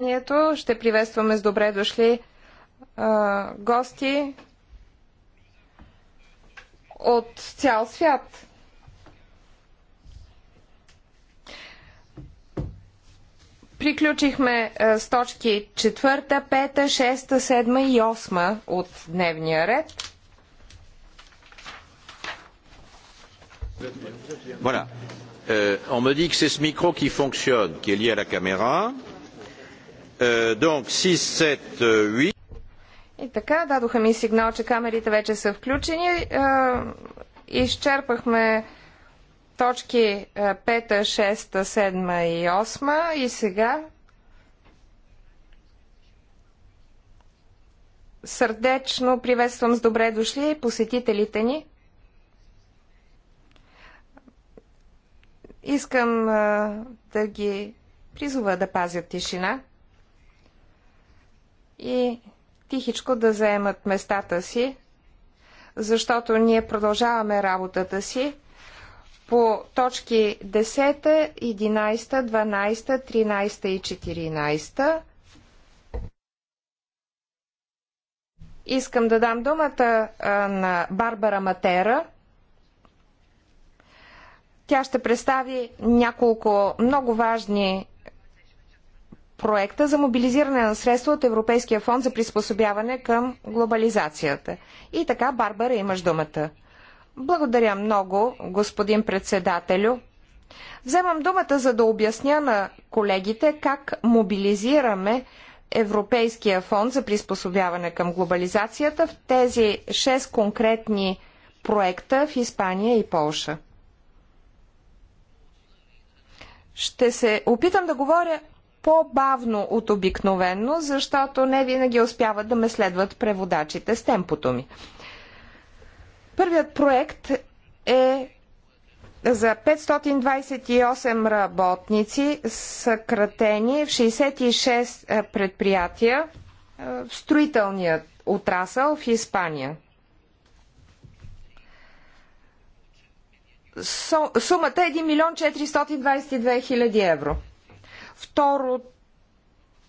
заседанието. Ще приветстваме с добре дошли а, гости от цял свят. Приключихме а, с точки 4, 5, 6, 7 и 8 от дневния ред. Voilà. Euh, on me dit que c'est ce micro qui fonctionne, qui est lié à la caméra. Euh, euh, и така, дадоха ми сигнал, че камерите вече са включени. Е, изчерпахме точки 5, 6, 7 и 8 и сега сърдечно приветствам с добре дошли посетителите ни. Искам е, да ги призова да пазят тишина и тихичко да заемат местата си, защото ние продължаваме работата си по точки 10, 11, 12, 13 и 14. Искам да дам думата на Барбара Матера. Тя ще представи няколко много важни проекта за мобилизиране на средства от Европейския фонд за приспособяване към глобализацията. И така, Барбара, имаш думата. Благодаря много, господин председателю. Вземам думата, за да обясня на колегите как мобилизираме Европейския фонд за приспособяване към глобализацията в тези 6 конкретни проекта в Испания и Полша. Ще се опитам да говоря по-бавно от обикновено, защото не винаги успяват да ме следват преводачите с темпото ми. Първият проект е за 528 работници, съкратени в 66 е, предприятия е, в строителният отрасъл в Испания. Сумата е 1 милион 422 хиляди евро. Второ,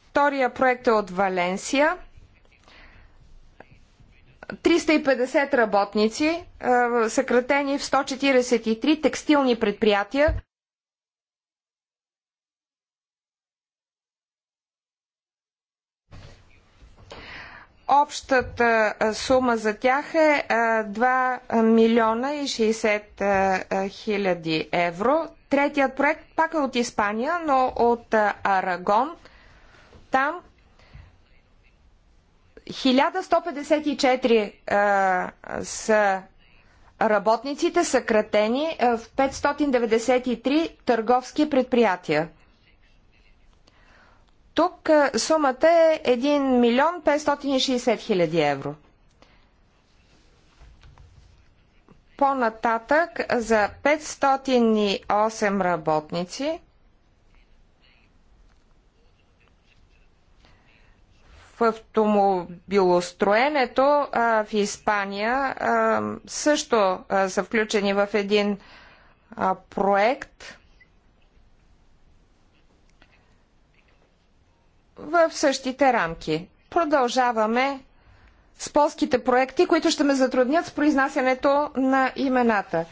втория проект е от Валенсия. 350 работници, е, съкратени в 143 текстилни предприятия. Общата е, сума за тях е 2 е, милиона и 60 хиляди евро. Третият проект пак е от Испания, но от Арагон. Там 1154 а, са работниците съкратени в 593 търговски предприятия. Тук сумата е 1 милион 560 хиляди евро. По-нататък за 508 работници в автомобилостроенето а, в Испания а, също а, са включени в един а, проект. В същите рамки. Продължаваме с полските проекти, които ще ме затруднят с произнасянето на имената.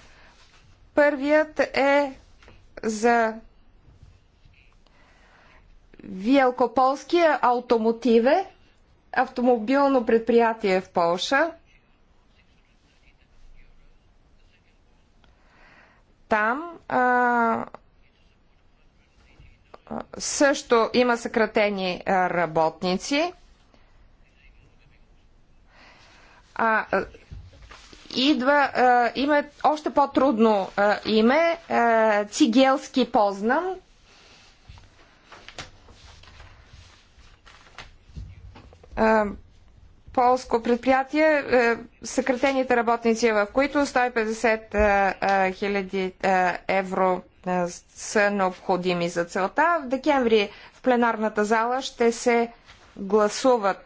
Първият е за Виелкополския автомотиве, автомобилно предприятие в Полша. Там а, също има съкратени работници. а, идва а, има още по-трудно име, а, Цигелски Познан. полско предприятие, съкратените работници, в които 150 хиляди евро са необходими за целта. В декември в пленарната зала ще се гласуват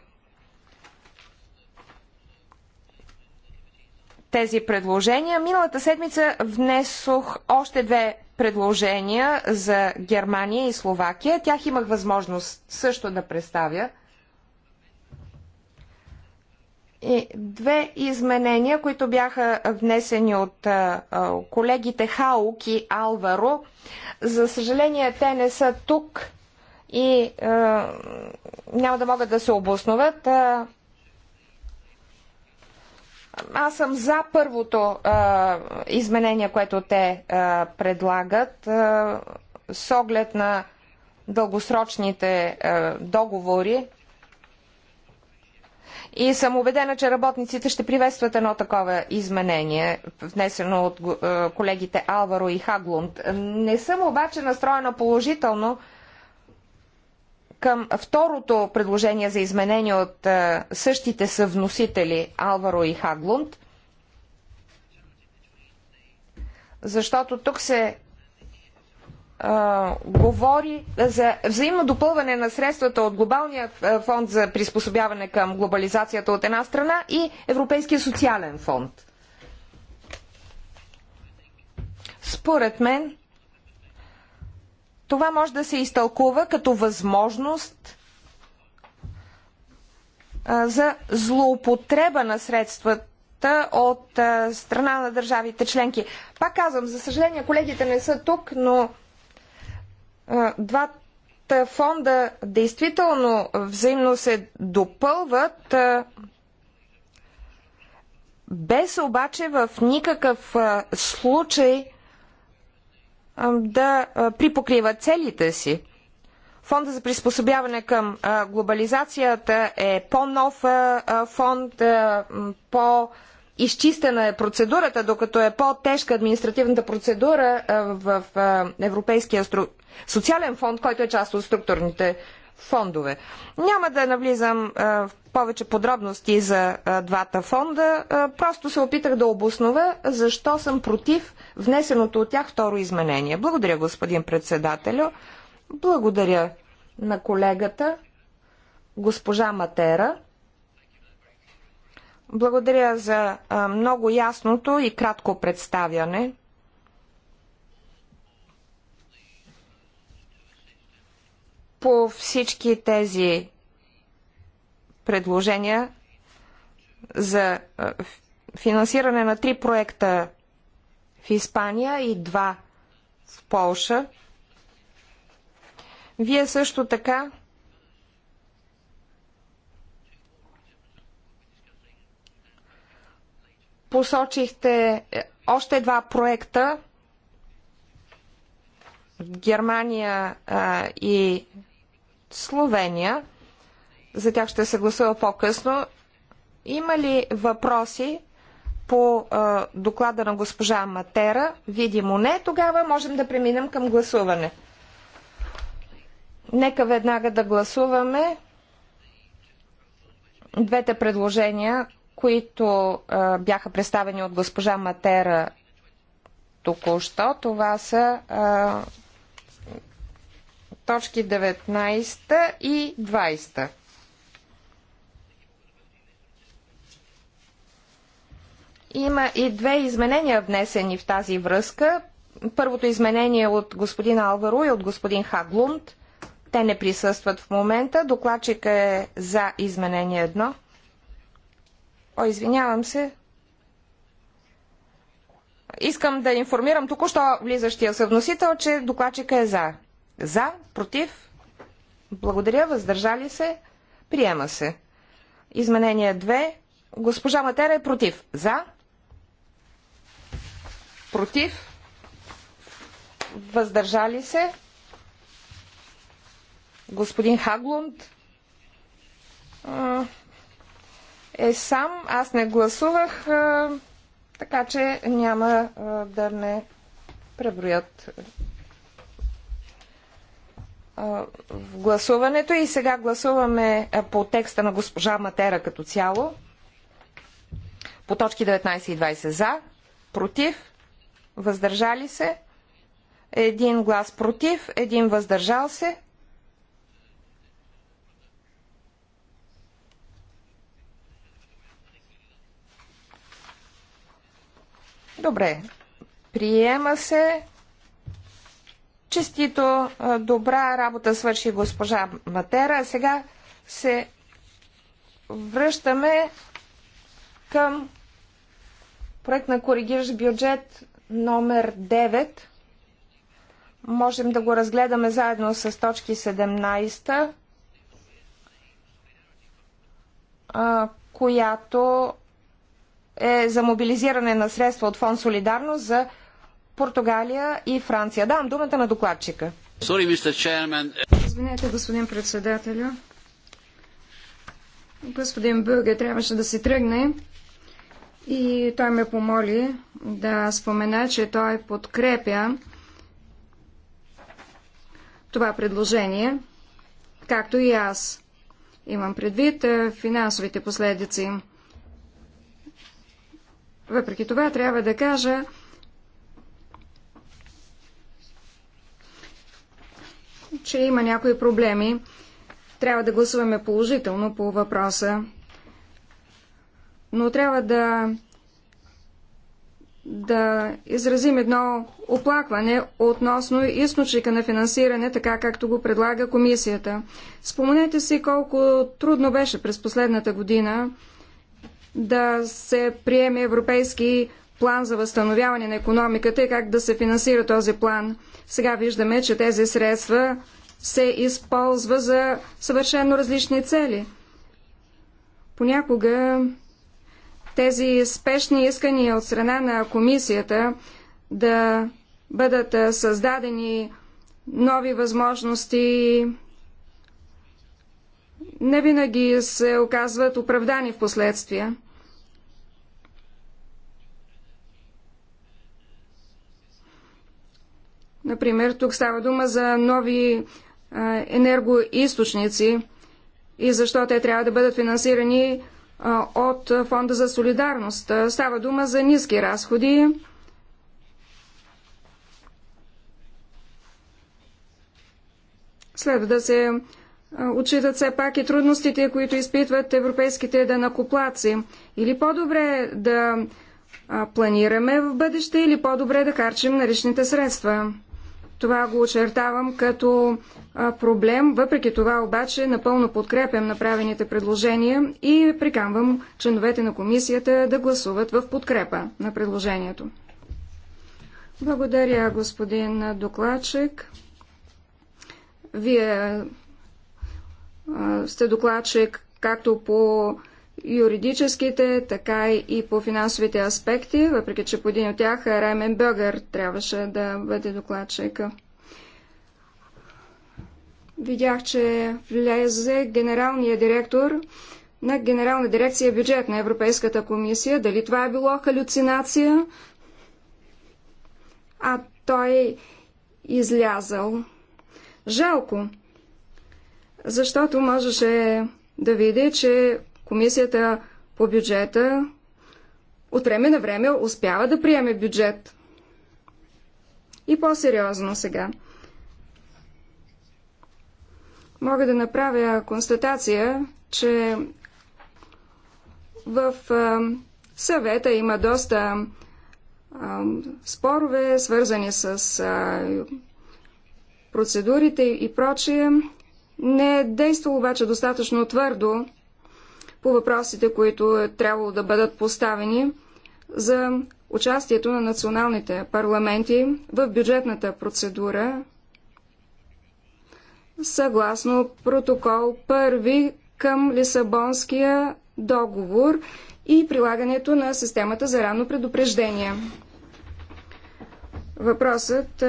тези предложения. Миналата седмица внесох още две предложения за Германия и Словакия. Тях имах възможност също да представя. И две изменения, които бяха внесени от колегите Хаук и Алваро. За съжаление, те не са тук и няма да могат да се обосноват. Аз съм за първото а, изменение, което те а, предлагат а, с оглед на дългосрочните а, договори. И съм убедена, че работниците ще приветстват едно такова изменение, внесено от колегите Алваро и Хаглунд. Не съм обаче настроена положително към второто предложение за изменение от е, същите съвносители Алваро и Хаглунд, защото тук се е, говори за взаимно допълване на средствата от Глобалния е, фонд за приспособяване към глобализацията от една страна и Европейския социален фонд. Според мен, това може да се изтълкува като възможност за злоупотреба на средствата от страна на държавите членки. Пак казвам, за съжаление колегите не са тук, но двата фонда действително взаимно се допълват, без обаче в никакъв случай да припокрива целите си. Фонда за приспособяване към глобализацията е по-нов фонд, по- изчистена е процедурата, докато е по-тежка административната процедура в Европейския социален фонд, който е част от структурните фондове. Няма да навлизам в повече подробности за двата фонда. Просто се опитах да обоснова защо съм против внесеното от тях второ изменение. Благодаря, господин председателю. Благодаря на колегата, госпожа Матера. Благодаря за много ясното и кратко представяне. по всички тези предложения за финансиране на три проекта в Испания и два в Полша. Вие също така посочихте е, още два проекта в Германия а, и Словения. За тях ще се гласува по-късно. Има ли въпроси по а, доклада на госпожа Матера? Видимо не. Тогава можем да преминем към гласуване. Нека веднага да гласуваме двете предложения, които а, бяха представени от госпожа Матера току-що. Това са а, точки 19 и 20. Има и две изменения внесени в тази връзка. Първото изменение е от господин Алваро и от господин Хаглунд. Те не присъстват в момента. Докладчика е за изменение едно. О, извинявам се. Искам да информирам току-що влизащия съвносител, че докладчика е за. За, против, благодаря, въздържали се, приема се. Изменение 2. Госпожа Матера е против. За, против, въздържали се. Господин Хаглунд е сам. Аз не гласувах, така че няма да ме преброят в гласуването и сега гласуваме по текста на госпожа Матера като цяло. По точки 19 и 20 за, против, въздържали се, един глас против, един въздържал се. Добре, приема се Честито, добра работа свърши госпожа Матера. А сега се връщаме към проект на коригиращ бюджет номер 9. Можем да го разгледаме заедно с точки 17, която е за мобилизиране на средства от фонд Солидарност за Португалия и Франция. Давам думата на докладчика. Sorry, Извинете, господин председателю. Господин Бърге трябваше да се тръгне и той ме помоли да спомена, че той подкрепя това предложение, както и аз. Имам предвид е, финансовите последици. Въпреки това трябва да кажа, че има някои проблеми. Трябва да гласуваме положително по въпроса. Но трябва да, да изразим едно оплакване относно източника на финансиране, така както го предлага комисията. Спомнете си колко трудно беше през последната година да се приеме европейски план за възстановяване на економиката и как да се финансира този план. Сега виждаме, че тези средства се използва за съвършено различни цели. Понякога тези спешни искания от страна на комисията да бъдат създадени нови възможности, не винаги се оказват оправдани в последствия. Например, тук става дума за нови енергоисточници и защо те трябва да бъдат финансирани от Фонда за солидарност. Става дума за ниски разходи. Следва да се отчитат все пак и трудностите, които изпитват европейските денакоплаци. Или по-добре да планираме в бъдеще, или по-добре да харчим наличните средства. Това го очертавам като проблем. Въпреки това обаче напълно подкрепям направените предложения и приканвам членовете на комисията да гласуват в подкрепа на предложението. Благодаря, господин докладчик. Вие сте докладчик както по юридическите, така и по финансовите аспекти, въпреки че по един от тях Раймен Бьогър трябваше да бъде докладчик. Видях, че влезе генералния директор на Генерална дирекция бюджет на Европейската комисия. Дали това е било халюцинация? А той излязал. Жалко, защото можеше да види, че Комисията по бюджета от време на време успява да приеме бюджет. И по-сериозно сега. Мога да направя констатация, че в съвета има доста спорове, свързани с процедурите и прочие. Не е действало обаче достатъчно твърдо по въпросите, които е трябвало да бъдат поставени за участието на националните парламенти в бюджетната процедура съгласно протокол първи към Лисабонския договор и прилагането на системата за ранно предупреждение. Въпросът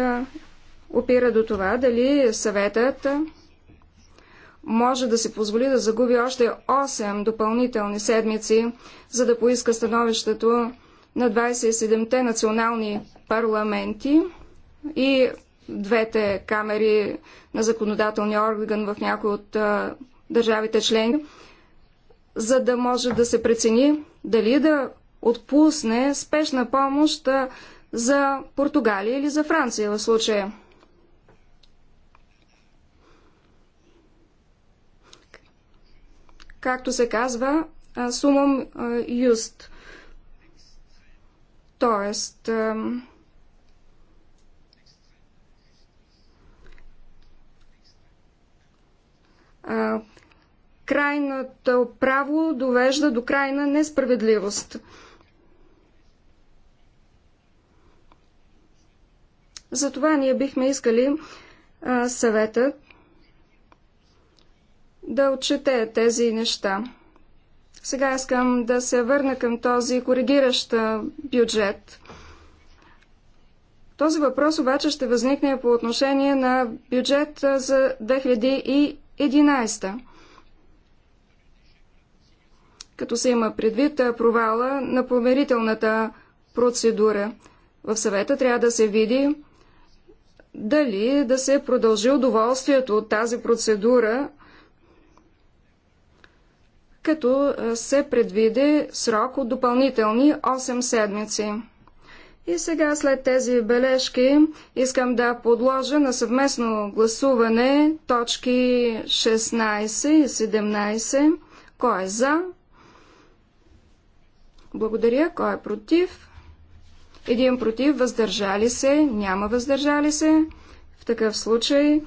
опира до това дали съветът може да си позволи да загуби още 8 допълнителни седмици, за да поиска становището на 27-те национални парламенти и двете камери на законодателния орган в някои от а, държавите члени, за да може да се прецени дали да отпусне спешна помощ а, за Португалия или за Франция в случая. както се казва, сумом юст. Тоест, крайното право довежда до крайна несправедливост. Затова ние бихме искали съветът да отчете тези неща. Сега искам да се върна към този коригиращ бюджет. Този въпрос обаче ще възникне по отношение на бюджет за 2011. Като се има предвид провала на померителната процедура. В съвета трябва да се види дали да се продължи удоволствието от тази процедура като се предвиди срок от допълнителни 8 седмици. И сега след тези бележки искам да подложа на съвместно гласуване точки 16 и 17. Кой е за? Благодаря. Кой е против? Един против. Въздържали се? Няма въздържали се. В такъв случай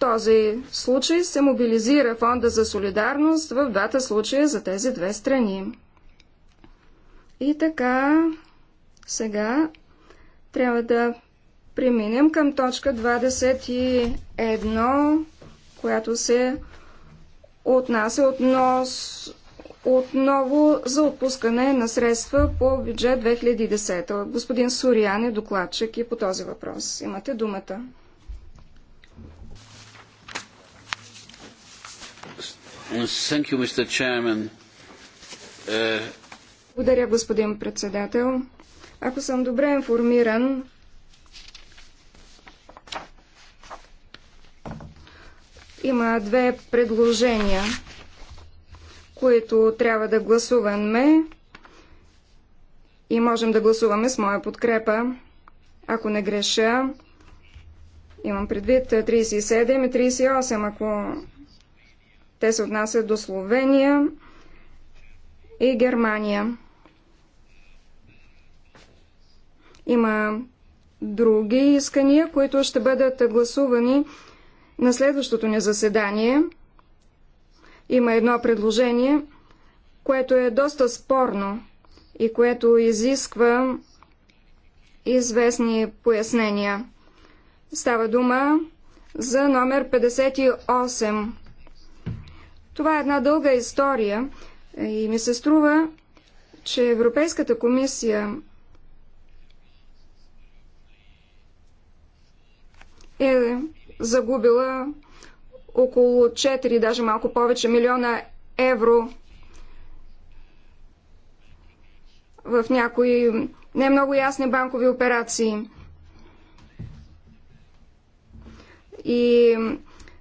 този случай се мобилизира фонда за солидарност в двата случая за тези две страни. И така, сега трябва да преминем към точка 21, която се отнася относ, отново за отпускане на средства по бюджет 2010. Господин Сориан е докладчик и по този въпрос. Имате думата. Thank you, Mr. Chairman. Uh, Благодаря, господин председател. Ако съм добре информиран, има две предложения, които трябва да гласуваме и можем да гласуваме с моя подкрепа. Ако не греша, имам предвид 37 и 38, ако те се отнасят до Словения и Германия. Има други искания, които ще бъдат гласувани на следващото ни заседание. Има едно предложение, което е доста спорно и което изисква известни пояснения. Става дума за номер 58 това е една дълга история и ми се струва, че Европейската комисия е загубила около 4, даже малко повече милиона евро в някои не много ясни банкови операции. И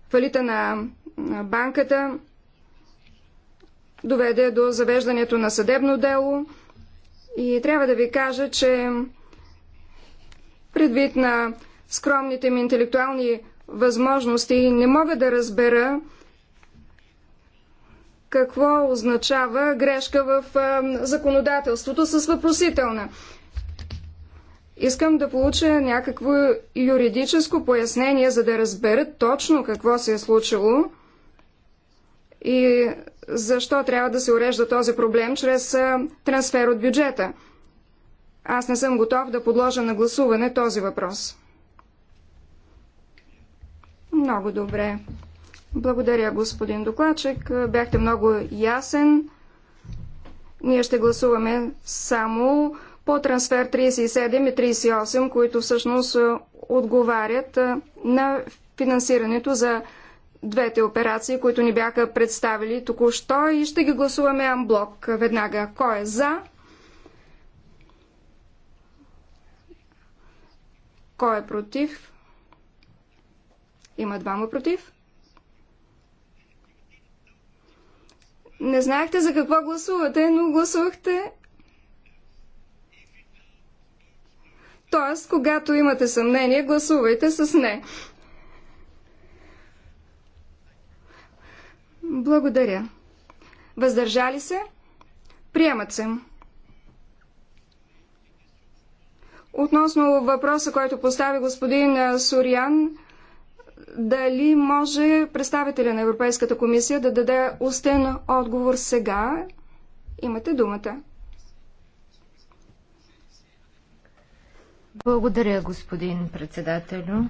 фалита на банката доведе до завеждането на съдебно дело. И трябва да ви кажа, че предвид на скромните ми интелектуални възможности не мога да разбера какво означава грешка в законодателството с въпросителна. Искам да получа някакво юридическо пояснение, за да разбера точно какво се е случило и защо трябва да се урежда този проблем чрез трансфер от бюджета. Аз не съм готов да подложа на гласуване този въпрос. Много добре. Благодаря, господин докладчик. Бяхте много ясен. Ние ще гласуваме само по трансфер 37 и 38, които всъщност отговарят на финансирането за двете операции, които ни бяха представили току-що и ще ги гласуваме амблок веднага. Кой е за? Кой е против? Има двама против. Не знаехте за какво гласувате, но гласувахте. Тоест, когато имате съмнение, гласувайте с не. Благодаря. Въздържали се? Приемат се. Относно въпроса, който постави господин Сориан, дали може представителя на Европейската комисия да даде устен отговор сега? Имате думата. Благодаря, господин председателю.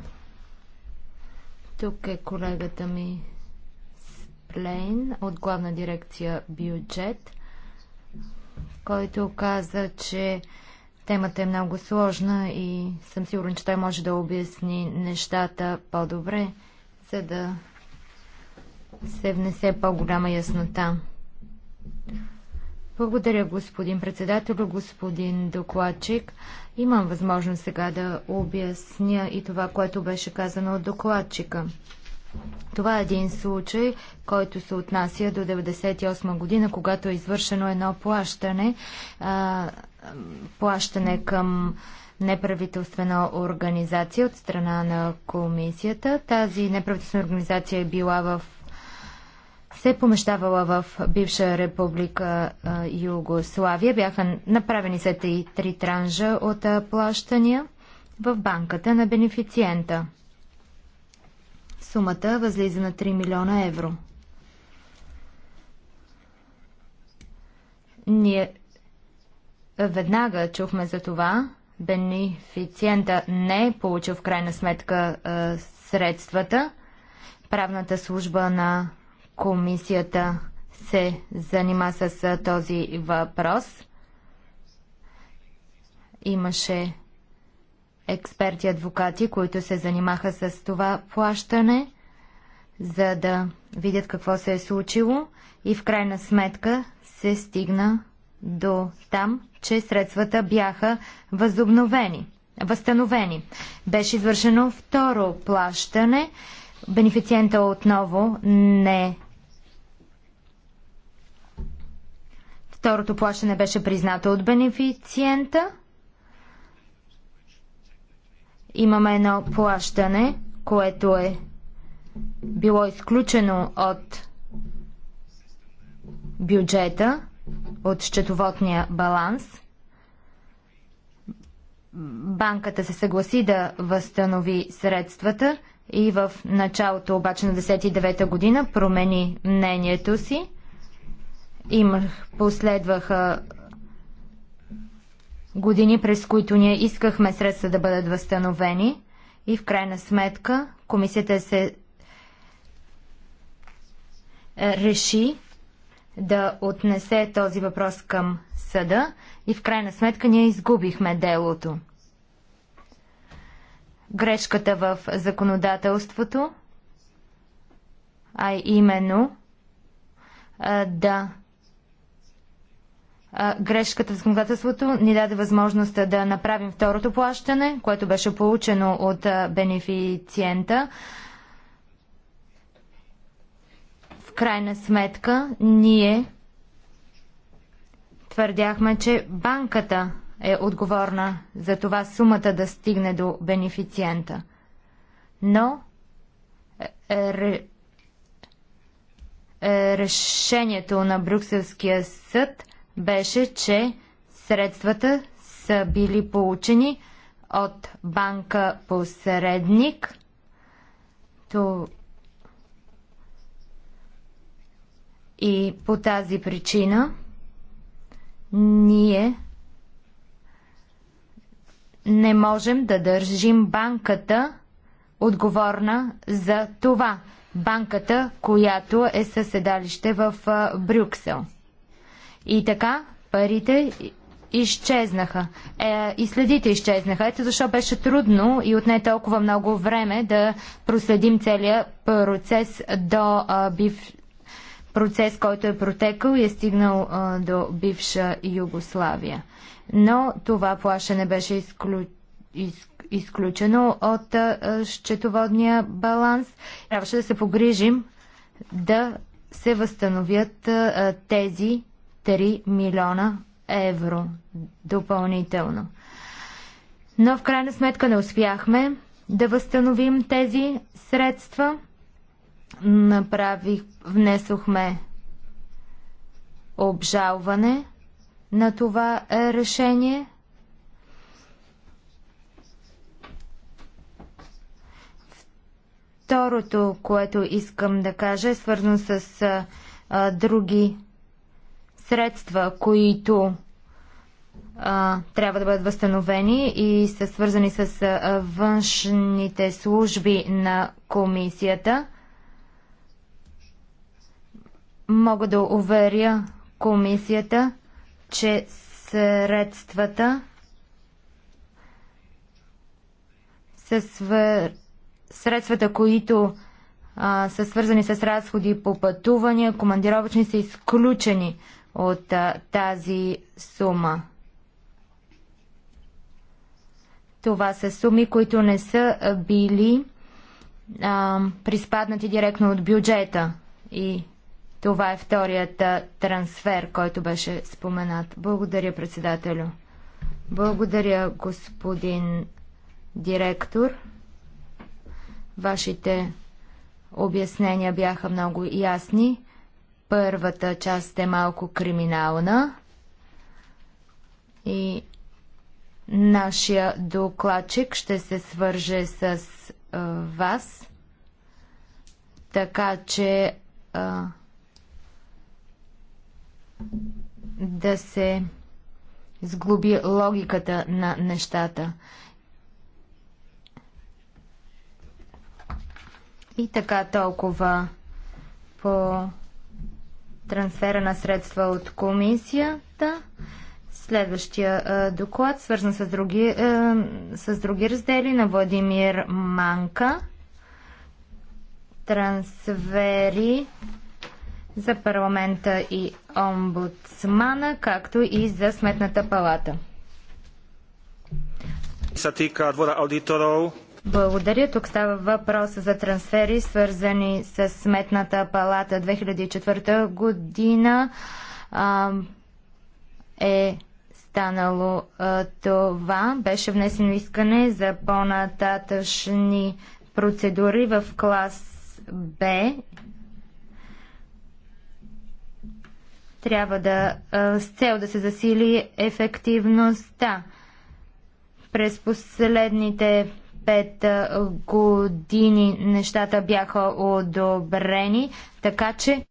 Тук е колегата ми Лейн от главна дирекция бюджет, който каза, че темата е много сложна и съм сигурен, че той може да обясни нещата по-добре, за да се внесе по-голяма яснота. Благодаря, господин председател, господин докладчик. Имам възможност сега да обясня и това, което беше казано от докладчика. Това е един случай, който се отнася до 1998 година, когато е извършено едно плащане, а, плащане към неправителствена организация от страна на комисията. Тази неправителствена организация е била в се е помещавала в бивша република а, Югославия. Бяха направени след и три транжа от а, плащания в банката на бенефициента. Сумата възлиза на 3 милиона евро. Ние веднага чухме за това. Бенефициента не е получил в крайна сметка е, средствата. Правната служба на комисията се занима с този въпрос. Имаше експерти адвокати, които се занимаха с това плащане, за да видят какво се е случило и в крайна сметка се стигна до там, че средствата бяха възобновени, възстановени. Беше извършено второ плащане. Бенефициента отново не Второто плащане беше признато от бенефициента Имаме едно плащане, което е било изключено от бюджета, от счетоводния баланс. Банката се съгласи да възстанови средствата и в началото обаче на 1999 година промени мнението си. Имах, последваха години, през които ние искахме средства да бъдат възстановени и в крайна сметка комисията се е, реши да отнесе този въпрос към съда и в крайна сметка ние изгубихме делото. Грешката в законодателството, а именно да грешката в законодателството ни даде възможност да направим второто плащане, което беше получено от бенефициента. В крайна сметка ние твърдяхме, че банката е отговорна за това сумата да стигне до бенефициента. Но е, е, решението на Брюкселския съд беше, че средствата са били получени от банка посредник. То... И по тази причина ние не можем да държим банката отговорна за това. Банката, която е със седалище в Брюксел. И така парите изчезнаха. Е, и следите изчезнаха. Ето защо беше трудно и отне толкова много време да проследим целия процес до а, бив... процес, който е протекал и е стигнал а, до бивша Югославия. Но това плашене беше изклю... из... изключено от а, счетоводния баланс. Трябваше да се погрижим да се възстановят а, тези 3 милиона евро допълнително. Но в крайна сметка не успяхме да възстановим тези средства. Направих, внесохме обжалване на това решение. Второто, което искам да кажа, е свързано с а, други средства, които а, трябва да бъдат възстановени и са свързани с а, външните служби на комисията. Мога да уверя комисията, че средствата са свър... средствата, които а, са свързани с разходи по пътувания, командировъчни са изключени от а, тази сума. Това са суми, които не са били а, приспаднати директно от бюджета. И това е вторият трансфер, който беше споменат. Благодаря, председателю. Благодаря, господин директор. Вашите обяснения бяха много ясни. Първата част е малко криминална и нашия докладчик ще се свърже с а, вас, така че а, да се сглоби логиката на нещата. И така толкова по трансфера на средства от комисията. Следващия е, доклад, свързан с други, е, с други раздели на Владимир Манка. Трансфери за парламента и омбудсмана, както и за сметната палата. Се тика двора аудиторов благодаря. Тук става въпрос за трансфери, свързани с Сметната палата 2004 година. А, е станало а, това. Беше внесено искане за по-нататъчни процедури в клас Б. Трябва да, а, с цел да се засили ефективността. През последните 5 години нещата бяха одобрени, така че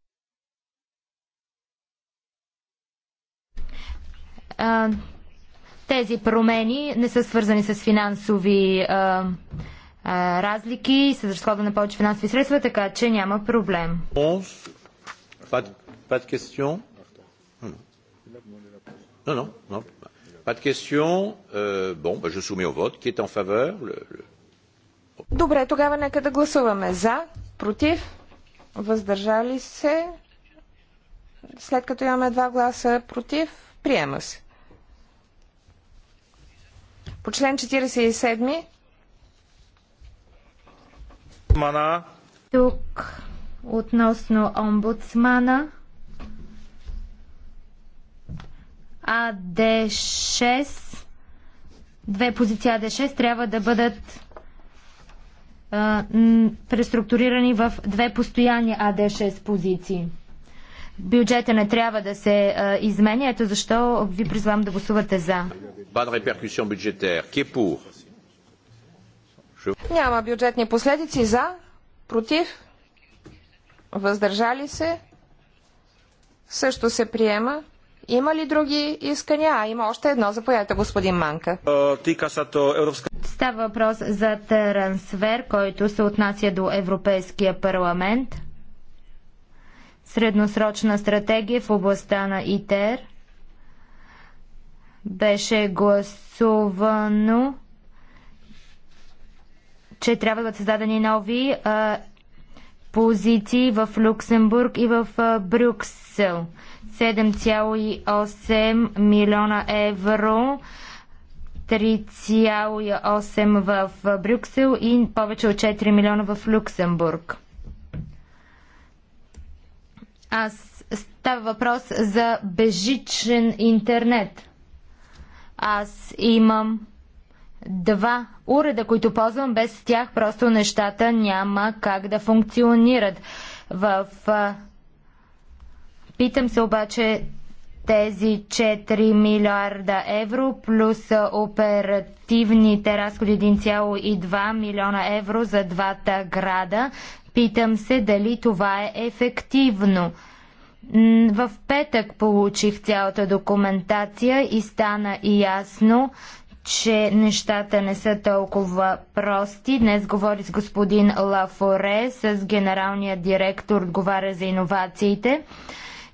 тези промени не са свързани с финансови разлики и разлики, с разхода на повече финансови средства, така че няма проблем. Pas de, pas de Non, non, non. Pas de questions euh, Bon, bah, je soumets au vote. Qui est en faveur Добре, тогава нека да гласуваме за, против, въздържали се. След като имаме два гласа против, приема се. По член 47. Тук относно омбудсмана. АД 6 две позиции АД6 трябва да бъдат а, преструктурирани в две постоянни АД6 позиции. Бюджета не трябва да се а, изменя, ето защо ви призвам да гласувате за. Е Няма бюджетни последици за, против, въздържали се, също се приема. Има ли други искания? А, има още едно. Заповядайте, господин Манка. Става въпрос за трансфер, който се отнася до Европейския парламент. Средносрочна стратегия в областта на ИТЕР беше гласувано, че трябва да създадени нови а, позиции в Люксембург и в Брюксел. 7,8 милиона евро, 3,8 в Брюксел и повече от 4 милиона в Люксембург. Аз става въпрос за бежичен интернет. Аз имам два уреда, които ползвам. Без тях просто нещата няма как да функционират. В... Питам се обаче тези 4 милиарда евро плюс оперативните разходи 1,2 милиона евро за двата града. Питам се дали това е ефективно. В петък получих цялата документация и стана и ясно, че нещата не са толкова прости. Днес говори с господин Лафоре, с генералния директор, отговаря за иновациите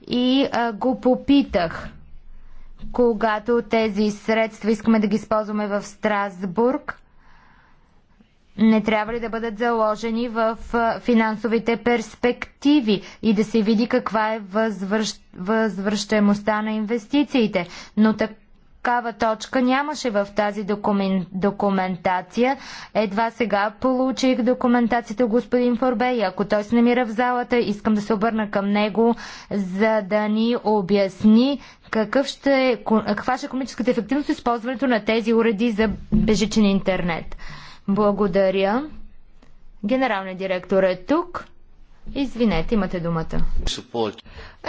и а, го попитах, когато тези средства искаме да ги използваме в Страсбург, не трябва ли да бъдат заложени в финансовите перспективи и да се види каква е възвръщ... възвръщаемостта на инвестициите. Но так такава точка нямаше в тази докумен... документация. Едва сега получих документацията господин Форбе и ако той се намира в залата, искам да се обърна към него, за да ни обясни какъв ще, е каква ще е економическата ефективност използването на тези уреди за бежичен интернет. Благодаря. Генералният директор е тук. Извинете, имате думата.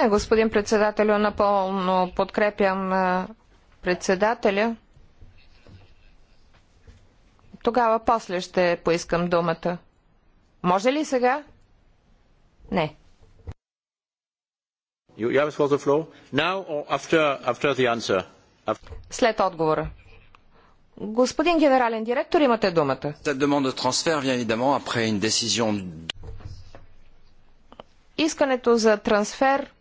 Е, господин председател, напълно подкрепям е, председателя. Тогава после ще поискам думата. Може ли сега? Не. След отговора. Господин генерален директор, имате думата. Искането за трансфер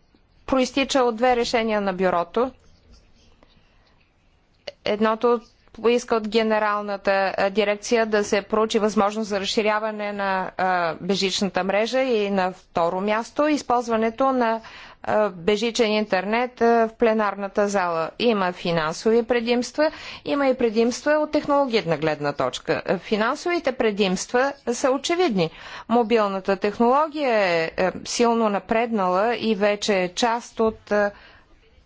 проистича от две решения на бюрото – едното поиска от генералната дирекция да се проучи възможност за разширяване на бежичната мрежа и на второ място използването на бежичен интернет в пленарната зала. Има финансови предимства, има и предимства от технологична гледна точка. Финансовите предимства са очевидни. Мобилната технология е, е силно напреднала и вече е част от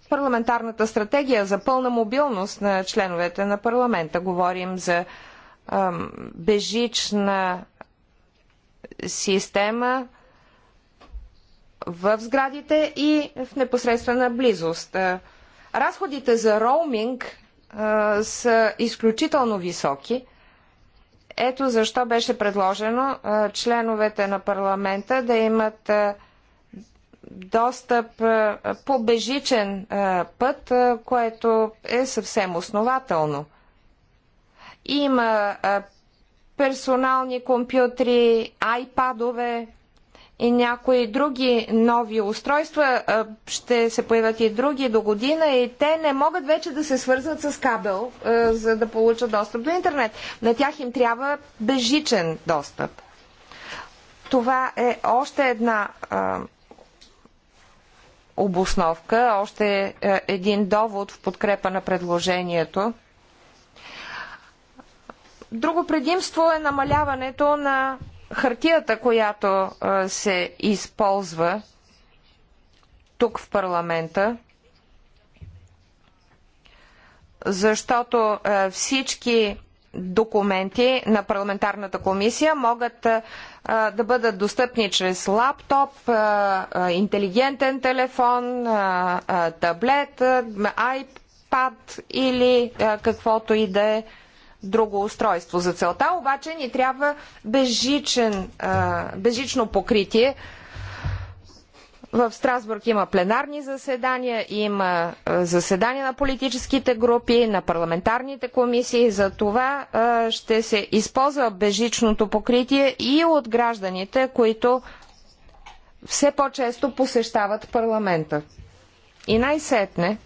парламентарната стратегия за пълна мобилност на членовете на парламента. Говорим за ам, бежична система в сградите и в непосредствена близост. Разходите за роуминг а, са изключително високи. Ето защо беше предложено а, членовете на парламента да имат а, достъп по бежичен път, което е съвсем основателно. Има персонални компютри, айпадове и някои други нови устройства. Ще се появят и други до година и те не могат вече да се свързват с кабел, за да получат достъп до интернет. На тях им трябва бежичен достъп. Това е още една обосновка, още е, един довод в подкрепа на предложението. Друго предимство е намаляването на хартията, която е, се използва тук в парламента, защото е, всички документи на парламентарната комисия могат да бъдат достъпни чрез лаптоп, интелигентен телефон, таблет, iPad или каквото и да е друго устройство. За целта обаче ни трябва безжичен, безжично покритие в Страсбург има пленарни заседания, има е, заседания на политическите групи, на парламентарните комисии. За това е, ще се използва бежичното покритие и от гражданите, които все по-често посещават парламента. И най-сетне,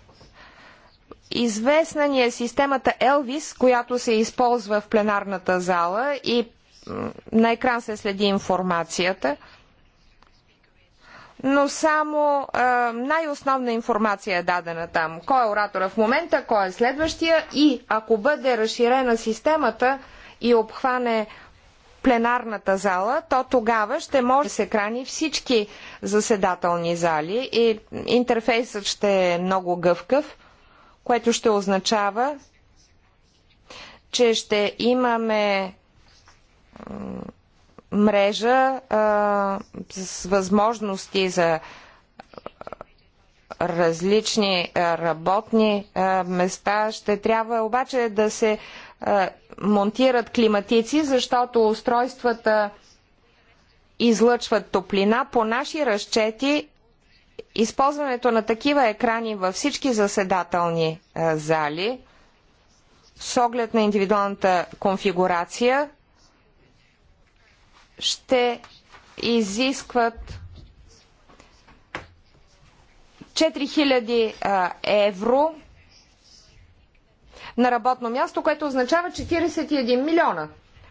известна ни е системата Елвис, която се използва в пленарната зала и на екран се следи информацията – но само най-основна информация е дадена там. Кой е оратора в момента, кой е следващия и ако бъде разширена системата и обхване пленарната зала, то тогава ще може да се крани всички заседателни зали и интерфейсът ще е много гъвкав, което ще означава, че ще имаме мрежа а, с възможности за различни работни места. Ще трябва обаче да се монтират климатици, защото устройствата излъчват топлина. По наши разчети използването на такива екрани във всички заседателни зали с оглед на индивидуалната конфигурация ще изискват 4000 евро на работно място, което означава 41 милиона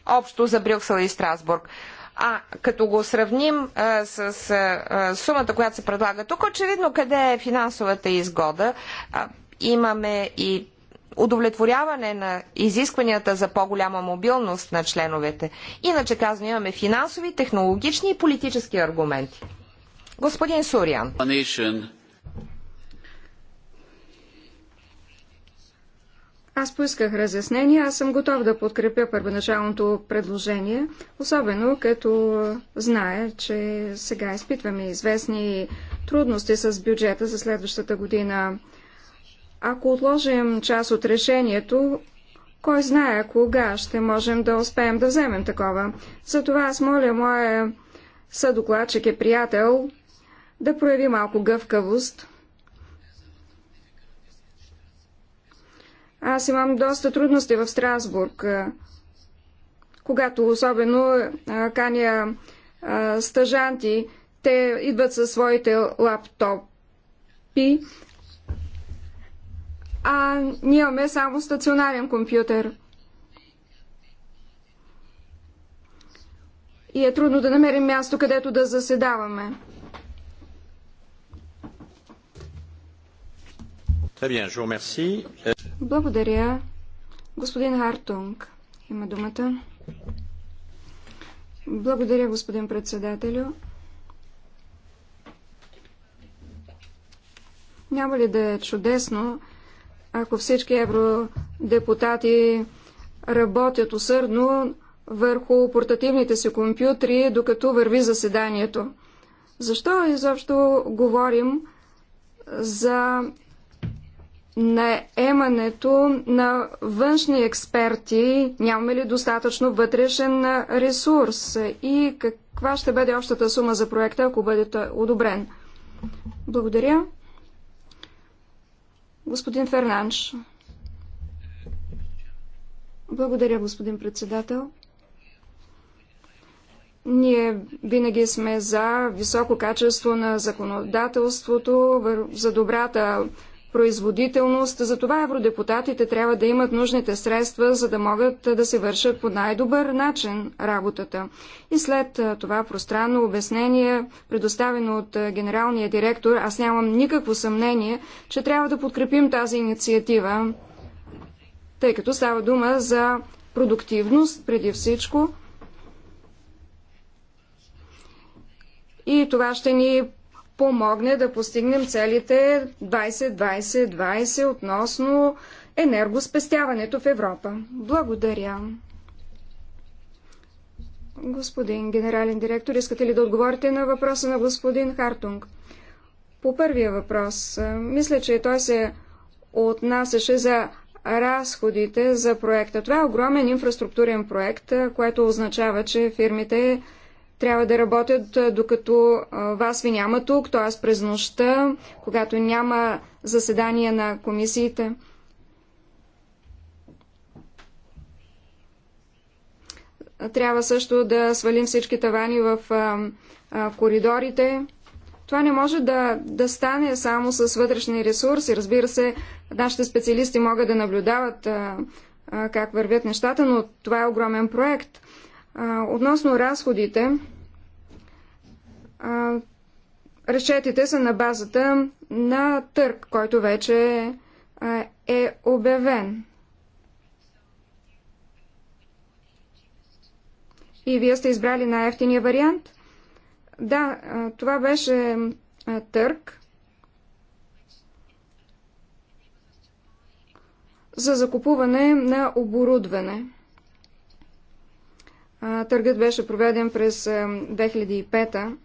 общо за Брюксел и Страсбург. А като го сравним а, с а, сумата, която се предлага тук, очевидно къде е финансовата изгода. А, имаме и удовлетворяване на изискванията за по-голяма мобилност на членовете. Иначе казано имаме финансови, технологични и политически аргументи. Господин Сурян. Аз поисках разяснение, аз съм готов да подкрепя първоначалното предложение, особено като знае, че сега изпитваме известни трудности с бюджета за следващата година. Ако отложим част от решението, кой знае кога ще можем да успеем да вземем такова. Затова аз моля моя съдокладчик е приятел да прояви малко гъвкавост. Аз имам доста трудности в Страсбург, когато особено каня стъжанти, те идват със своите лаптопи, а ние имаме само стационарен компютър. И е трудно да намерим място, където да заседаваме. Благодаря. Господин Хартунг има думата. Благодаря, господин председателю. Няма ли да е чудесно, ако всички евродепутати работят усърдно върху портативните си компютри, докато върви заседанието. Защо изобщо говорим за наемането на външни експерти? Нямаме ли достатъчно вътрешен ресурс? И каква ще бъде общата сума за проекта, ако бъдете одобрен? Благодаря. Господин Фернанш. Благодаря, господин председател. Ние винаги сме за високо качество на законодателството, за добрата производителност. Затова евродепутатите трябва да имат нужните средства, за да могат да се вършат по най-добър начин работата. И след това пространно обяснение, предоставено от генералния директор, аз нямам никакво съмнение, че трябва да подкрепим тази инициатива, тъй като става дума за продуктивност преди всичко. И това ще ни помогне да постигнем целите 20-20-20 относно енергоспестяването в Европа. Благодаря. Господин генерален директор, искате ли да отговорите на въпроса на господин Хартунг? По първия въпрос, мисля, че той се отнасяше за разходите за проекта. Това е огромен инфраструктурен проект, което означава, че фирмите трябва да работят, докато вас ви няма тук, т.е. през нощта, когато няма заседания на комисиите. Трябва също да свалим всички тавани в коридорите. Това не може да, да стане само с вътрешни ресурси. Разбира се, нашите специалисти могат да наблюдават а, а, как вървят нещата, но това е огромен проект. Относно разходите, разчетите са на базата на търг, който вече е обявен. И вие сте избрали най-ефтиния вариант? Да, това беше търг за закупуване на оборудване. Търгът беше проведен през 2005 е,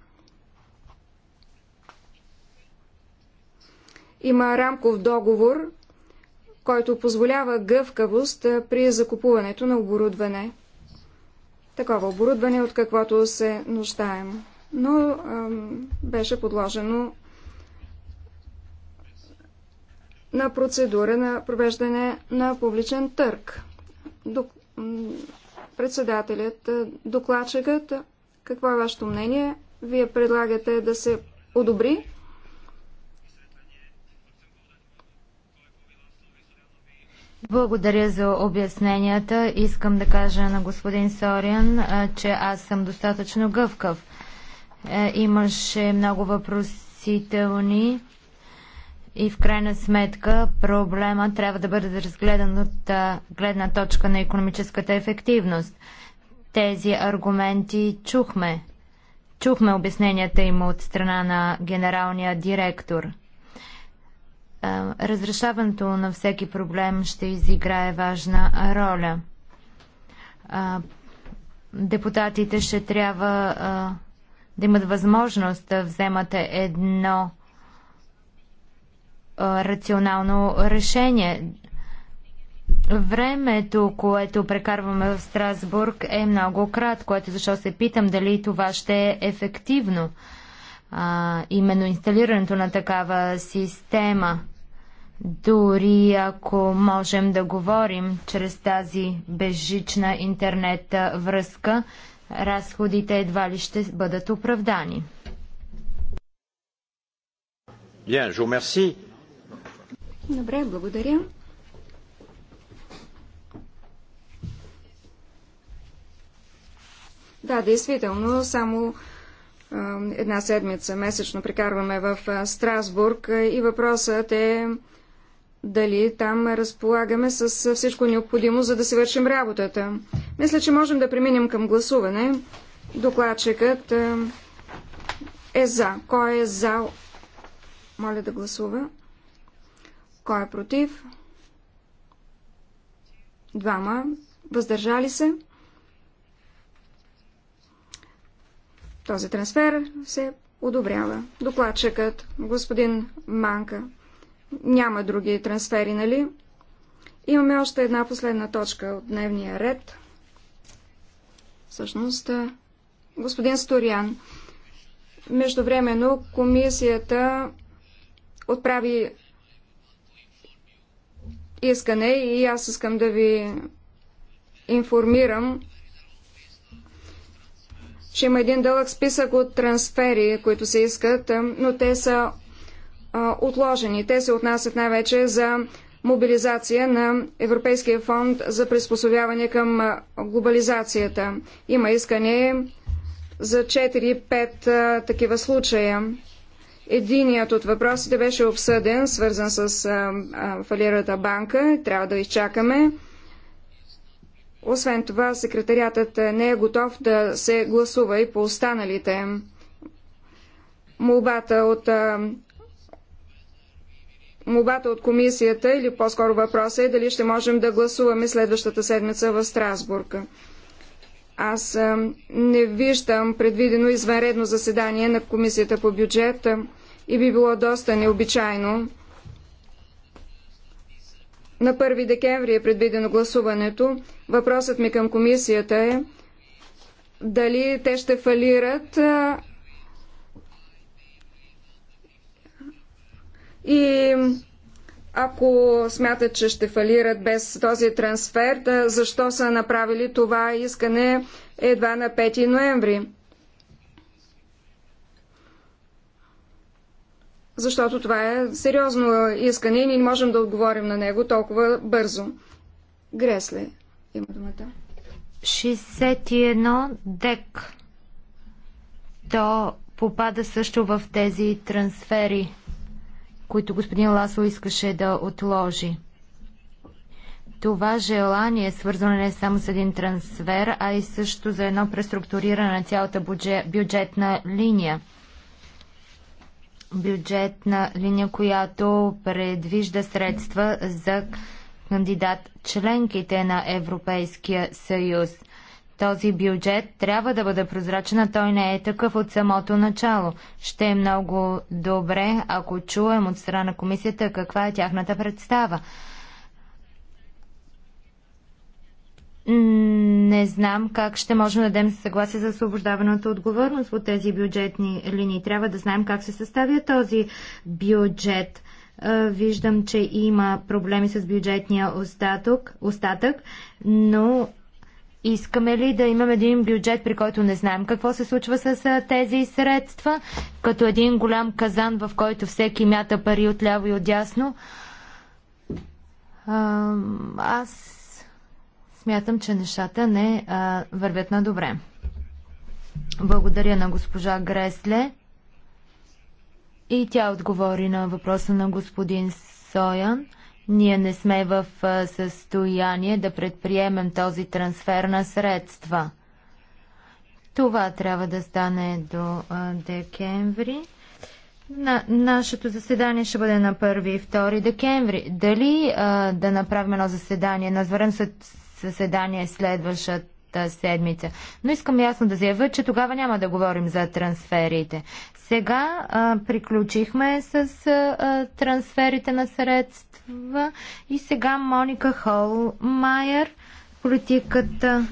Има рамков договор, който позволява гъвкавост е, при закупуването на оборудване. Такова оборудване, от каквото се нуждаем. Но а, е, беше подложено на процедура на провеждане на публичен търг. Председателят, е, докладчикът, какво е вашето мнение? Вие предлагате да се одобри? Благодаря за обясненията. Искам да кажа на господин Сориан, е, че аз съм достатъчно гъвкав. Е, имаше много въпросителни и в крайна сметка проблема трябва да бъде разгледан от гледна точка на економическата ефективност. Тези аргументи чухме. Чухме обясненията им от страна на генералния директор. Разрешаването на всеки проблем ще изиграе важна роля. Депутатите ще трябва да имат възможност да вземат едно рационално решение. Времето, което прекарваме в Страсбург е много кратко, което защо се питам дали това ще е ефективно. А, именно инсталирането на такава система. Дори ако можем да говорим чрез тази безжична интернет връзка, разходите едва ли ще бъдат оправдани. Bien, je vous remercie. Добре, благодаря. Да, действително, само една седмица месечно прекарваме в Страсбург и въпросът е дали там разполагаме с всичко необходимо, за да си вършим работата. Мисля, че можем да преминем към гласуване. Докладчикът е за. Кой е за? Моля да гласува. Кой е против? Двама. Въздържали се? Този трансфер се одобрява. Докладчикът, господин Манка. Няма други трансфери, нали? Имаме още една последна точка от дневния ред. Всъщност, господин Сториан, междувременно комисията отправи искане и аз искам да ви информирам, че има един дълъг списък от трансфери, които се искат, но те са а, отложени. Те се отнасят най-вече за мобилизация на Европейския фонд за приспособяване към глобализацията. Има искане за 4-5 такива случая. Единият от въпросите беше обсъден, свързан с а, а, фалирата банка. Трябва да изчакаме. Освен това, секретариатът не е готов да се гласува и по останалите. Молбата от, а, молбата от комисията, или по-скоро въпросът е дали ще можем да гласуваме следващата седмица в Страсбург. Аз не виждам предвидено извънредно заседание на Комисията по бюджета и би било доста необичайно. На 1 декември е предвидено гласуването. Въпросът ми към комисията е дали те ще фалират и ако смятат, че ще фалират без този трансфер, да защо са направили това искане едва на 5 ноември? защото това е сериозно искане и ние не можем да отговорим на него толкова бързо. Гресле има думата. 61 дек. То попада също в тези трансфери, които господин Ласло искаше да отложи. Това желание е свързано не само с един трансфер, а и също за едно преструктуриране на цялата бюджетна линия – бюджетна линия, която предвижда средства за кандидат членките на Европейския съюз. Този бюджет трябва да бъде прозрачен, а той не е такъв от самото начало. Ще е много добре, ако чуем от страна на комисията каква е тяхната представа. Не знам как ще можем да дадем съгласие за освобождаваната отговорност от тези бюджетни линии. Трябва да знаем как се съставя този бюджет. Е, виждам, че има проблеми с бюджетния остатък, остатък но Искаме ли да имаме един бюджет, при който не знаем какво се случва с е, тези средства, като един голям казан, в който всеки мята пари отляво и отдясно? Аз Смятам, че нещата не а, вървят на добре. Благодаря на госпожа Гресле. И тя отговори на въпроса на господин Соян. Ние не сме в състояние да предприемем този трансфер на средства. Това трябва да стане до декември. На, нашето заседание ще бъде на 1 и 2 декември. Дали а, да направим едно заседание на Звърен заседание следващата седмица. Но искам ясно да заявя, че тогава няма да говорим за трансферите. Сега а, приключихме с а, трансферите на средства и сега Моника Холмайер, политиката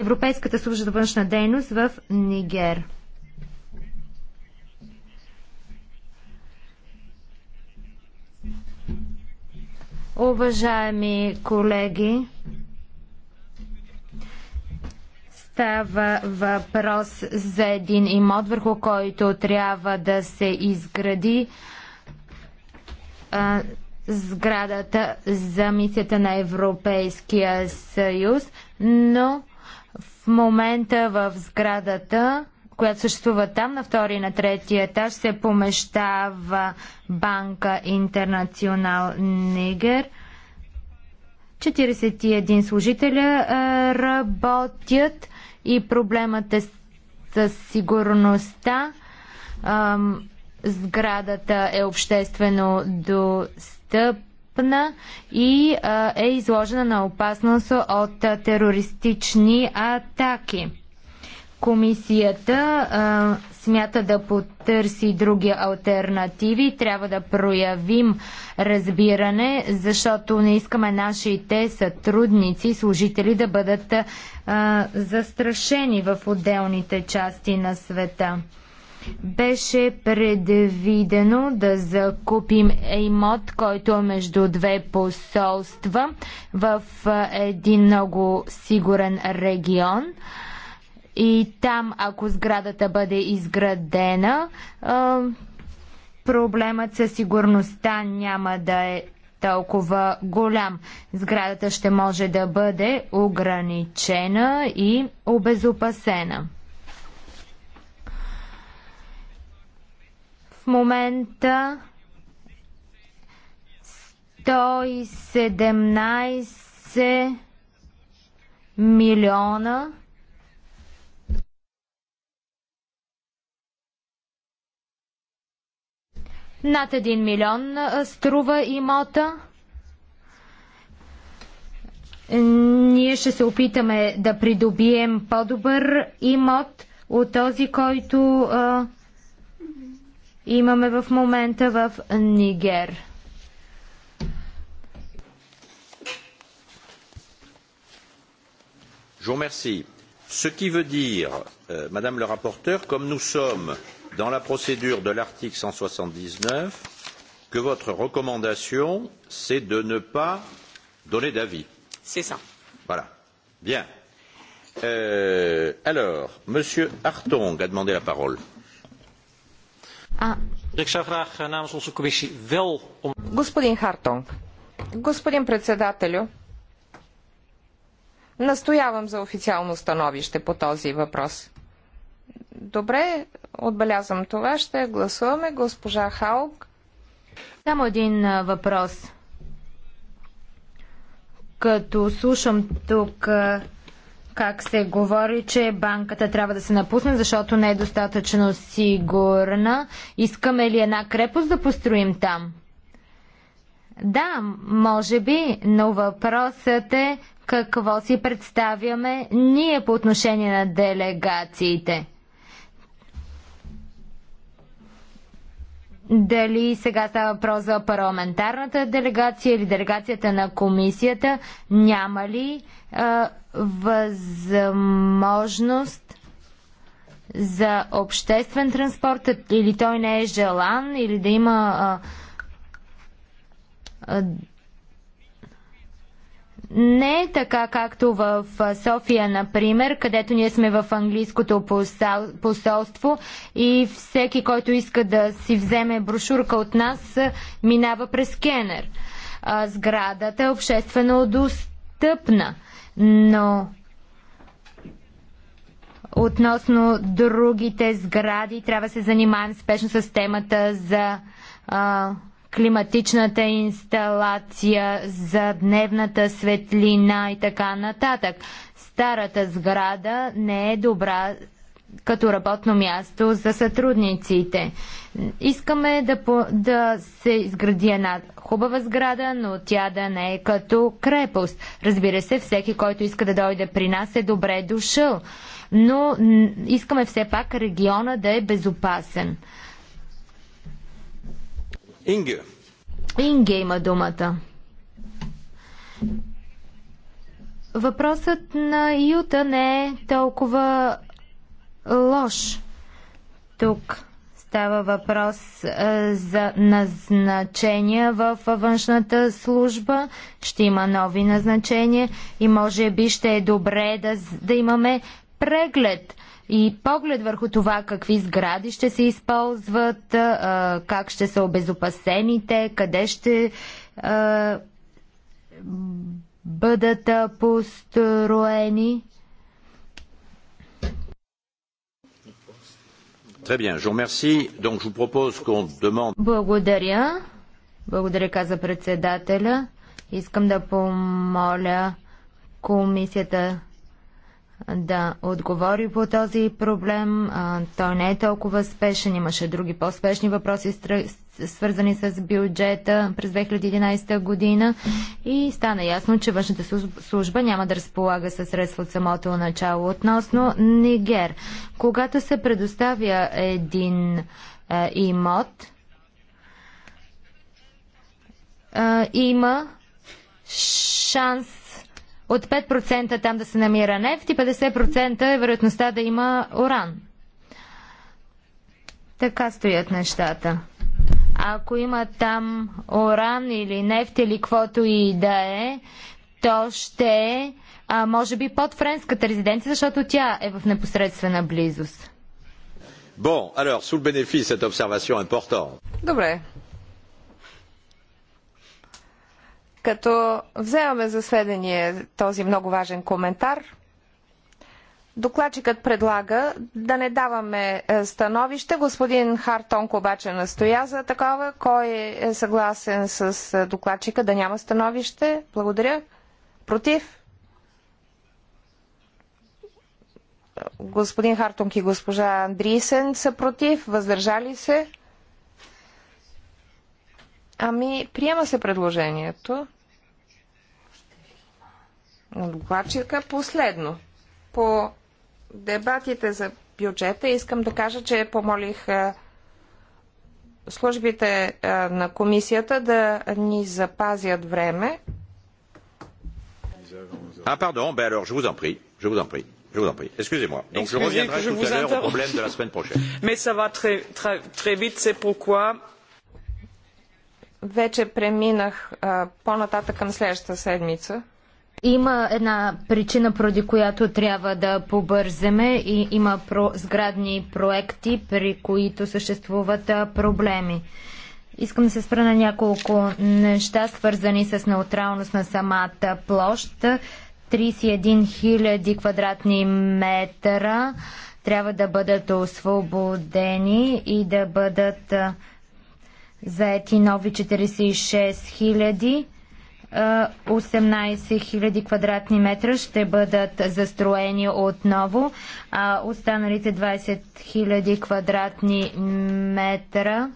Европейската служба за външна дейност в Нигер. Уважаеми колеги, става въпрос за един имот, върху който трябва да се изгради а, сградата за мисията на Европейския съюз, но в момента в сградата която съществува там на втори и на трети етаж, се помещава банка Интернационал Нигер. 41 служителя е, работят и проблемът е с сигурността. Сградата е обществено достъпна и е, е изложена на опасност от е, терористични атаки. Комисията а, смята да потърси други альтернативи. Трябва да проявим разбиране, защото не искаме нашите сътрудници, служители да бъдат а, застрашени в отделните части на света. Беше предвидено да закупим имот, който е между две посолства в един много сигурен регион. И там, ако сградата бъде изградена, проблемът със сигурността няма да е толкова голям. Сградата ще може да бъде ограничена и обезопасена. В момента 117 милиона Над 1 милион струва имота. Ние ще се опитаме да придобием по-добър имот от този, който а, имаме в момента в Нигер. Ce qui veut dire, euh, Madame le rapporteur, comme nous sommes dans la procédure de l'article cent soixante dix neuf que votre recommandation c'est de ne pas donner d'avis. C'est ça. Voilà. Bien. alors, Monsieur Hartong a demandé la parole. Господин Хартонг, господин председателю, настоявам за официално становище по този въпрос. Добре, отбелязвам това. Ще гласуваме госпожа Халк. Само един въпрос. Като слушам тук как се говори, че банката трябва да се напусне, защото не е достатъчно сигурна. Искаме ли една крепост да построим там? Да, може би, но въпросът е какво си представяме ние по отношение на делегациите. дали сега става въпрос за парламентарната делегация или делегацията на комисията, няма ли а, възможност за обществен транспорт или той не е желан, или да има а, а, не е така, както в София, например, където ние сме в английското посолство и всеки, който иска да си вземе брошурка от нас, минава през скенер. Сградата е обществено достъпна, но относно другите сгради трябва да се занимаем спешно с темата за а, климатичната инсталация, за дневната светлина и така нататък. Старата сграда не е добра като работно място за сътрудниците. Искаме да, по, да се изгради една хубава сграда, но тя да не е като крепост. Разбира се, всеки, който иска да дойде при нас е добре дошъл, но искаме все пак региона да е безопасен. Инге. Инге има думата. Въпросът на Юта не е толкова лош. Тук става въпрос е, за назначения в външната служба. Ще има нови назначения и може би ще е добре да, да имаме преглед и поглед върху това какви сгради ще се използват, как ще са обезопасените, къде ще бъдат построени. Благодаря. Благодаря, каза председателя. Искам да помоля комисията да отговори по този проблем. Той не е толкова спешен. Имаше други по-спешни въпроси, свързани с бюджета през 2011 година. И стана ясно, че външната служба няма да разполага със средства от самото начало. Относно Нигер, когато се предоставя един е, имот, е, има шанс от 5% там да се намира нефт и 50% е вероятността да има уран. Така стоят нещата. Ако има там уран или нефт или каквото и да е, то ще е, може би, под френската резиденция, защото тя е в непосредствена близост. Bon, alors, sous le bénéfice cette observation importante. Добре, като вземаме за сведение този много важен коментар, докладчикът предлага да не даваме е, становище. Господин Хартонко обаче настоя за такова. Кой е съгласен с е, докладчика да няма становище? Благодаря. Против? Господин Хартонк и госпожа Андрисен са против. Въздържали се? Ами, приема се предложението на докладчика. Последно, по дебатите за бюджета искам да кажа, че помолих службите на комисията да ни запазят време. А, пардон, бе, alors je vous en prie, je vous en prie. Je vous en prie. Excusez-moi. Donc Excusez je reviendrai je tout à l'heure au problème de la semaine prochaine. Mais ça va très, très, très vite, c'est pourquoi вече преминах по-нататък към следващата седмица. Има една причина, поради която трябва да побързаме и има про сградни проекти, при които съществуват проблеми. Искам да се спра на няколко неща, свързани с неутралност на самата площ. 31 000 квадратни метра трябва да бъдат освободени и да бъдат заети нови 46 000 18 000 квадратни метра ще бъдат застроени отново, а останалите 20 000 квадратни метра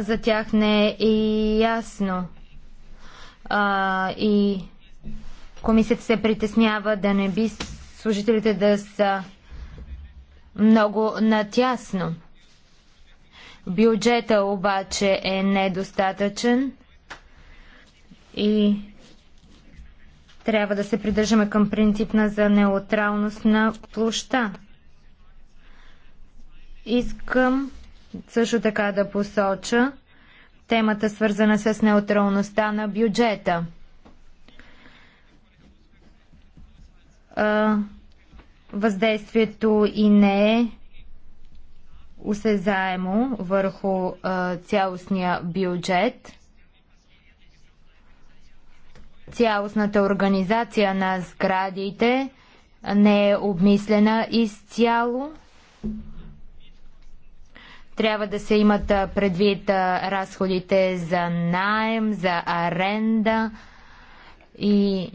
за тях не е и ясно. А, и комисията се притеснява да не би служителите да са много натясно. Бюджета обаче е недостатъчен и трябва да се придържаме към принципна за неутралност на площа. Искам също така да посоча темата свързана с неутралността на бюджета. Въздействието и не е осезаемо върху цялостния бюджет – Цялостната организация на сградите не е обмислена изцяло. Трябва да се имат предвид разходите за найем, за аренда и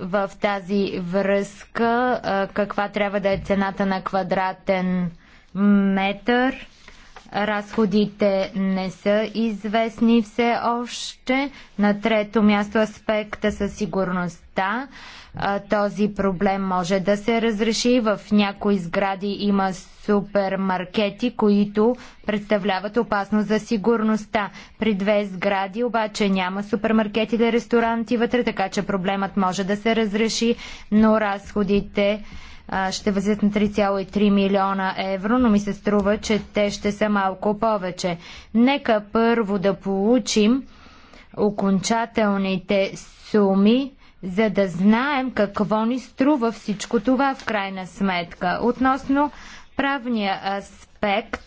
в тази връзка каква трябва да е цената на квадратен метър. Разходите не са известни все още. На трето място аспекта със сигурността. Този проблем може да се разреши. В някои сгради има супермаркети, които представляват опасност за сигурността. При две сгради обаче няма супермаркети или ресторанти вътре, така че проблемът може да се разреши, но разходите ще възят на 3,3 милиона евро, но ми се струва, че те ще са малко повече. Нека първо да получим окончателните суми, за да знаем какво ни струва всичко това в крайна сметка. Относно правния аспект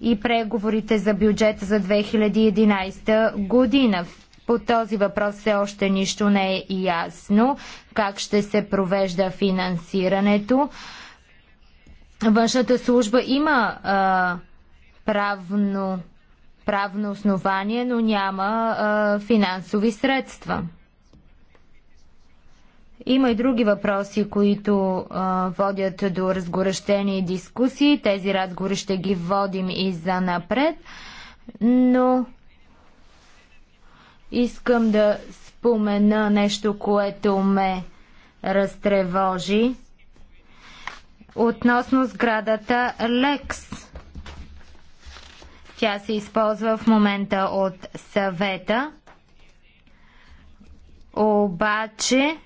и преговорите за бюджета за 2011 година. По този въпрос все още нищо не е ясно как ще се провежда финансирането. Външната служба има а, правно, правно основание, но няма а, финансови средства. Има и други въпроси, които а, водят до разгорещени дискусии. Тези разговори ще ги водим и за напред, но Искам да спомена нещо, което ме разтревожи относно сградата Лекс. Тя се използва в момента от съвета. Обаче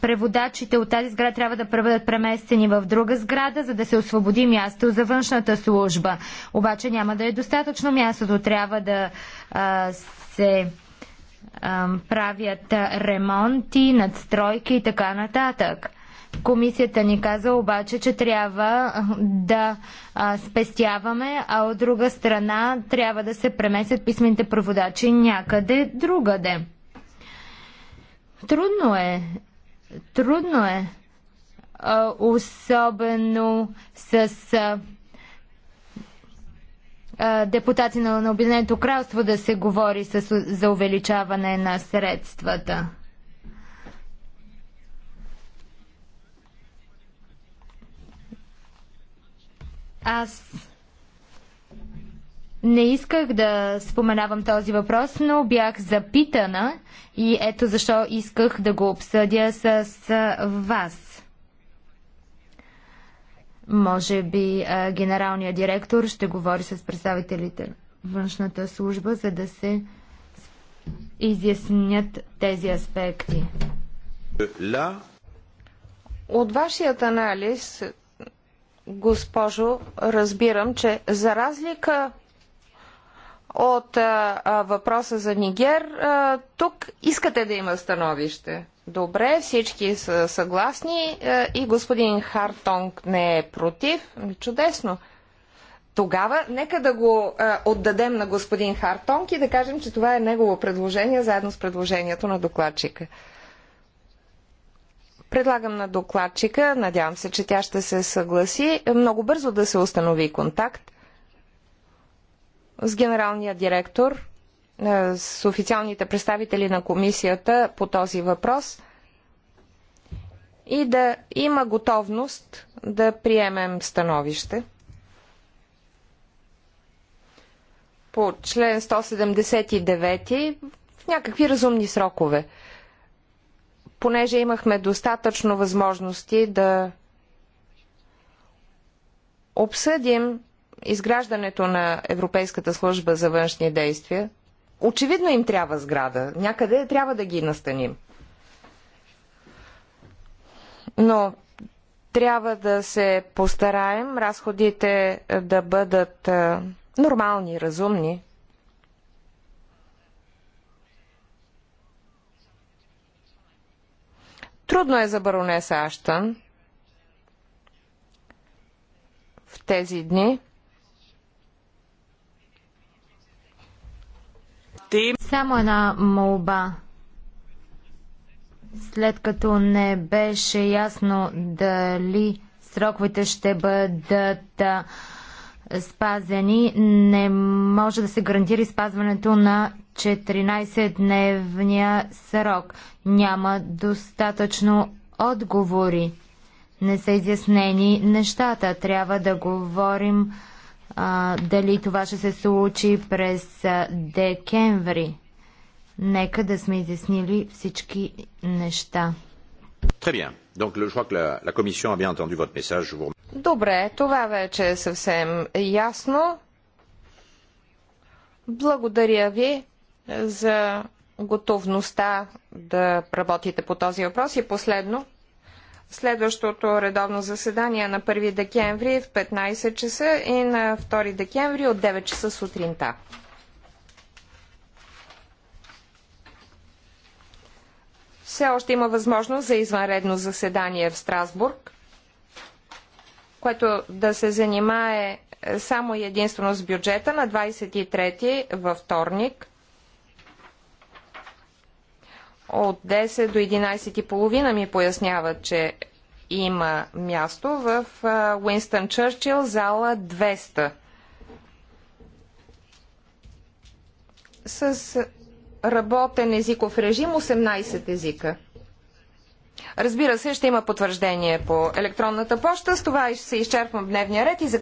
преводачите от тази сграда трябва да бъдат преместени в друга сграда, за да се освободи място за външната служба. Обаче няма да е достатъчно мястото. Трябва да се правят ремонти, надстройки и така нататък. Комисията ни каза обаче, че трябва да а, спестяваме, а от друга страна трябва да се преместят писмените преводачи някъде другаде. Трудно е. Трудно е. А, особено с а, депутати на, на Обединеното кралство да се говори с, за увеличаване на средствата. Аз не исках да споменавам този въпрос, но бях запитана и ето защо исках да го обсъдя с вас. Може би генералният директор ще говори с представителите на външната служба, за да се изяснят тези аспекти. От вашият анализ, госпожо, разбирам, че за разлика от а, а, въпроса за Нигер. А, тук искате да има становище. Добре, всички са съгласни а, и господин Хартонг не е против. Ами, чудесно. Тогава нека да го а, отдадем на господин Хартонг и да кажем, че това е негово предложение, заедно с предложението на докладчика. Предлагам на докладчика, надявам се, че тя ще се съгласи, много бързо да се установи контакт с генералния директор, е, с официалните представители на комисията по този въпрос и да има готовност да приемем становище. по член 179 в някакви разумни срокове. Понеже имахме достатъчно възможности да обсъдим изграждането на Европейската служба за външни действия. Очевидно им трябва сграда. Някъде трябва да ги настаним. Но трябва да се постараем разходите да бъдат нормални, разумни. Трудно е за баронеса Аштън в тези дни. Само една молба. След като не беше ясно дали сроковете ще бъдат спазени, не може да се гарантира спазването на 14-дневния срок. Няма достатъчно отговори. Не са изяснени нещата. Трябва да говорим а, дали това ще се случи през декември. Нека да сме изяснили всички неща. Très bien. Donc, je crois que la, la Commission a bien entendu votre message. Je vous... Добре, това вече е съвсем ясно. Благодаря ви за готовността да работите по този въпрос. И последно, следващото редовно заседание е на 1 декември в 15 часа и на 2 декември от 9 часа сутринта. все още има възможност за извънредно заседание в Страсбург, което да се занимае е, само и единствено с бюджета на 23 във вторник от 10 до 11.30 ми поясняват, че има място в Уинстън Чърчил, зала 200. С работен езиков режим 18 езика. Разбира се, ще има потвърждение по електронната почта. С това ще се изчерпвам дневния ред и за